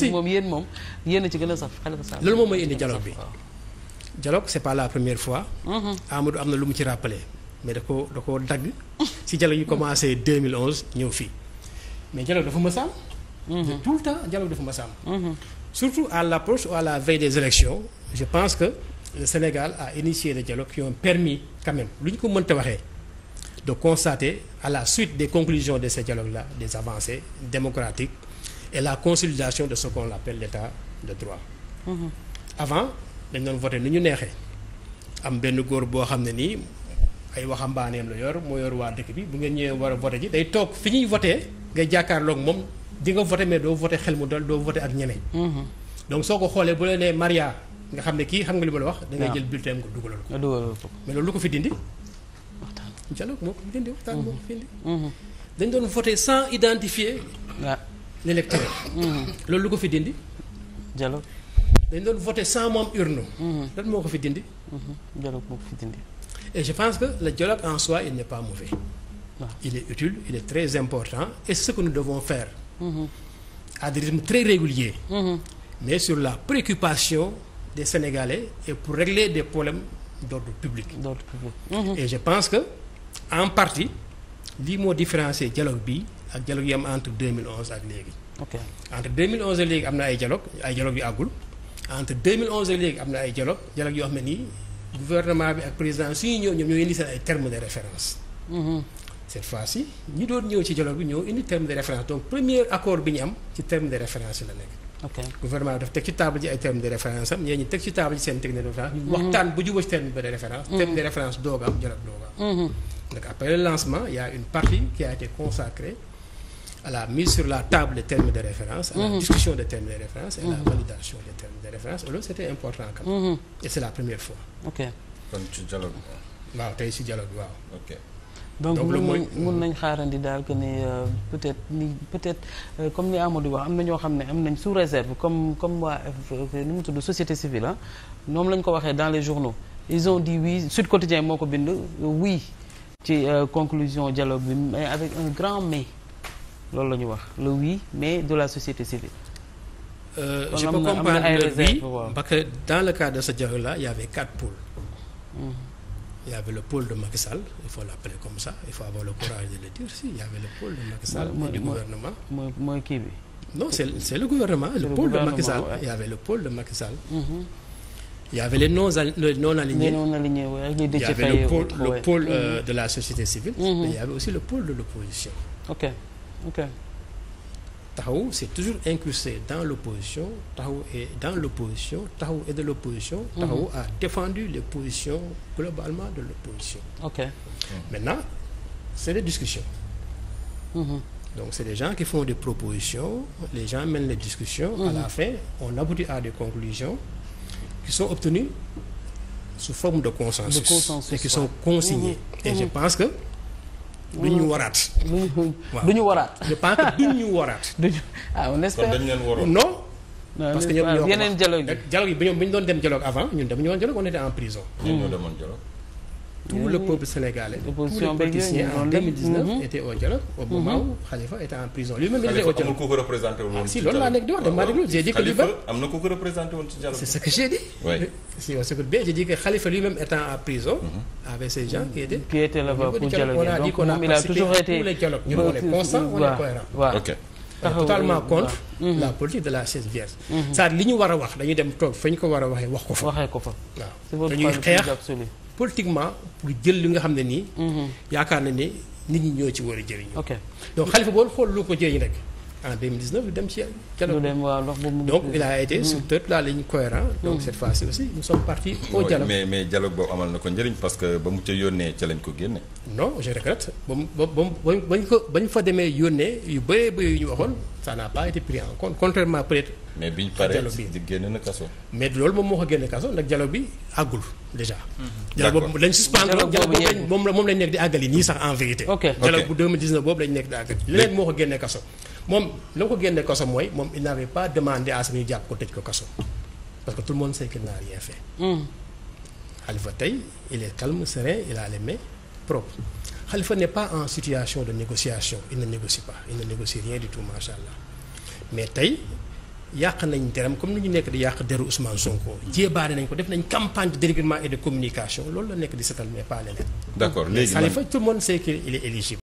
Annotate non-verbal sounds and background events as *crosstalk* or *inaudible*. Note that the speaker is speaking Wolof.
si moom yéen moom yéen ci gën a saf Khalifa Sall loolu moom mooy indi dialogue bi dialogue c'est pas la première fois mm-hmm. Amadou am na lu mu ci rappelé mais da ko da dagg si dialogue yi commencé 2011 ñëw fii mais dialogue dafa ma sàmm mm-hmm. tout le temps dialogue dafa ma sàmm mm-hmm. surtout à l'approche ou à la veille des élections je pense que le Sénégal a initié des dialogues qui ont permis quand lu ñu ko mënta waxee de constater à la suite des conclusions de ces dialogues là des avancées démocratiques et la consolidation de ce qu'on appelle l'état de droit. Mmh. avant dañ doon voté ni ñu neexee am benn góor boo xam ne nii ay waxambaaneem la yor moo yor waa dëkk bi bu ngeen ñëwee war a voté ji day toog fi ñuy voté ngay look moom di nga voté mais doo voté xel mu dal doo voté ak ñeneen. Mm-hmm. donc soo ko xoolee bu la nee Maria nga xam ne kii xam nga li ma la wax. da ngay jël bulletin nga dugalal ko. dugalal ko mais loolu lu ko fi dindi. waxtaan moo ko fi dindi waxtaan moo ko fi dindi. Mm-hmm. Mm-hmm. dañ doon voté sans l'électorat loolu lu ko fi dindi. dialogue. dañ doon voté sans moom urne. lan moo ko fi dindi. dialogue moo je pense que le dialogue en soi il n'est pas mauvais. il est utile il est très important et c'est ce que nous devons faire. à très réguliers. mais sur la préoccupation des Sénégalais et pour régler des problèmes d'ordre public. d'ordre public. et je pense que en partie lii moo différencier dialogue bi. ak dialogue yi am entre 2011 ak léegi. ak léegi am na ay dialogue ay dialogue yu léegi am na ay dialogue dialogue yoo xam ne nii gouvernement bi ak président suñu ñëw ñoom ñoo indi seen ay termes de référence. Mm-hmm. cette fois-ci ñi doon ñëw ci dialogue bi ñoo indi terme de référence donc premier accord bi ñu am ci terme de référence yi la nekk. ok gouvernement bi daf teg ci table ji ay terme de référence am ñee ñu teg ci table ji seen technique de référence. Mm-hmm. waxtaan bu jubóo ci terme de référence. Mm-hmm. terme à la mise la table de référence, mhm. de référence et à la mhm. validation des termes de référence. loolu c'était important mhm. waaw tey si dialogue waaw. donc mun mun nañ xaarandi daal que ni euh, peut-être ni peut-être euh, comme ni Amadou wax am na ñoo xam ne am nañ sous réserve comme comme waa euh, nu mu tudd société civile ah lañ ko waxee dans les journaux ils ont dit oui Sud Quotidien moo ko bind oui ci conclusion dialogue bi mais avec un grand mais. loolu la ñu wax le oui mais de la société civile. Euh, je peux comprendre parce que dans le cas de ce dialogue-là il y avait quatre pôles. Mm. Il le pôle de Macky il faut l'appeler comme ça il faut avoir le courage de le dire si il y avait le pôle de Macky Sall. mooy mooy mooy non c'est le gouvernement le, le pôle de Macky Sall ouais. il y le pôle de Macky Sall. Mm-hmm. non les non alignés. le pôle, euh, mm-hmm. de la société civile. mais mm-hmm. il aussi le pôle de l'opposition. OK. ok taxaw c'est toujours incrusté dans l'opposition taxaw et dans l'opposition taxaw et de l'opposition mhm. taxaw a défendu les positions globalement de l'opposition ok maintenant c'est des discussions mhm. donc c'est des gens qui font des propositions les gens mènent les discussions à la mhm. fin on aboutit à des conclusions qui sont obtenues sous forme de consensus, de consensus et qui sont consignées et je pense que du ñu waraat. du ñu waraat. je pense du ñu waraat. *laughs* du ñu ah on espère. kon dañu leen waroon non. parce que ñoom ñoo ko wax yeneen dialogue yi. dialogue ñu doon dem dialogue avant ñun dem ñu woon dialogue on était en prison. tout le peuple sénégalais tous les politiciens en 2019 étaient au dialogue au moment mhm. où Khalifa était en prison lui-même il était au dialogue ah, si loolu laa nekk di wax dama déglu j'ai dit ko représenté woon ci dialogue c'est ce prison mhm. avec ces gens qui étaient pour dialoguer on a dit qu'on a participé tous les dialogues ñun on est constant on est cohérent ok totalement contre la mhm. politique de la chaise vierge cest à li ñu war a wax dañuy dem toog fa ko war a waxee wax ko fa waxee dañuy xeex politiquement pour jël li nga xam ne nii. Mhm. yaakaar na ne nit ñi ñoo ci war a jëriñu. ok donc xalifa boo xool lu ko jëriñ rek. en 2019 lu dem ci dialogue donc il a été hmm. sur toute la ligne cohérent donc hmm. cette ci aussi nous sommes partis au dialogue mais mais dialogue que ba mu ca yónnee ca lañ ko génne non ko demee yónnee yu bëree bëri yu ñu waxoon ça n'a en compte contrairement peut-être mais biñ paree di génn na kaso mais loolu moom moo ko génne kaso ndax dialogue bi àggul boobu lañ nekk di àggali leneen moo ko génne kaso moom loo ko génne kaso mooy moom il n'avait pas demandé à ce ñu jàpp ko tëj ko kaso parce que tout le monde sait qu'il fait. Hmm. Khalifa tey il est calme serein il a les mains propres Khalifa n'est pas en situation de négociation il ne négocie pas il ne négocie rien du tout macha allah mais tey yàq nañ deram comme ni ñu nekk di yàq deru Ousmane Sonko jéebaane nañ ko def nañ campagne de dérèglement et de communication loolu la nekk di setal mais pas leneen. d'accord